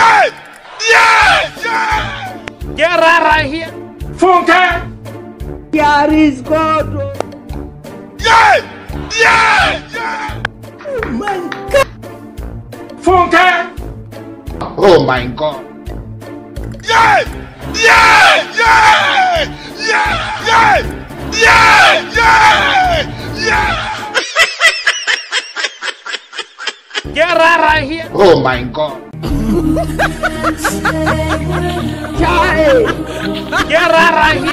Yes! Yes! Yes! Get right, right here. Funke! Here is God. Yes! Yes! Yes! Oh my God! Funke! Oh my God! Yes! Yes! Yes! Yes! Yes! Yes! Get right, right here. Oh my God. Get right, right here.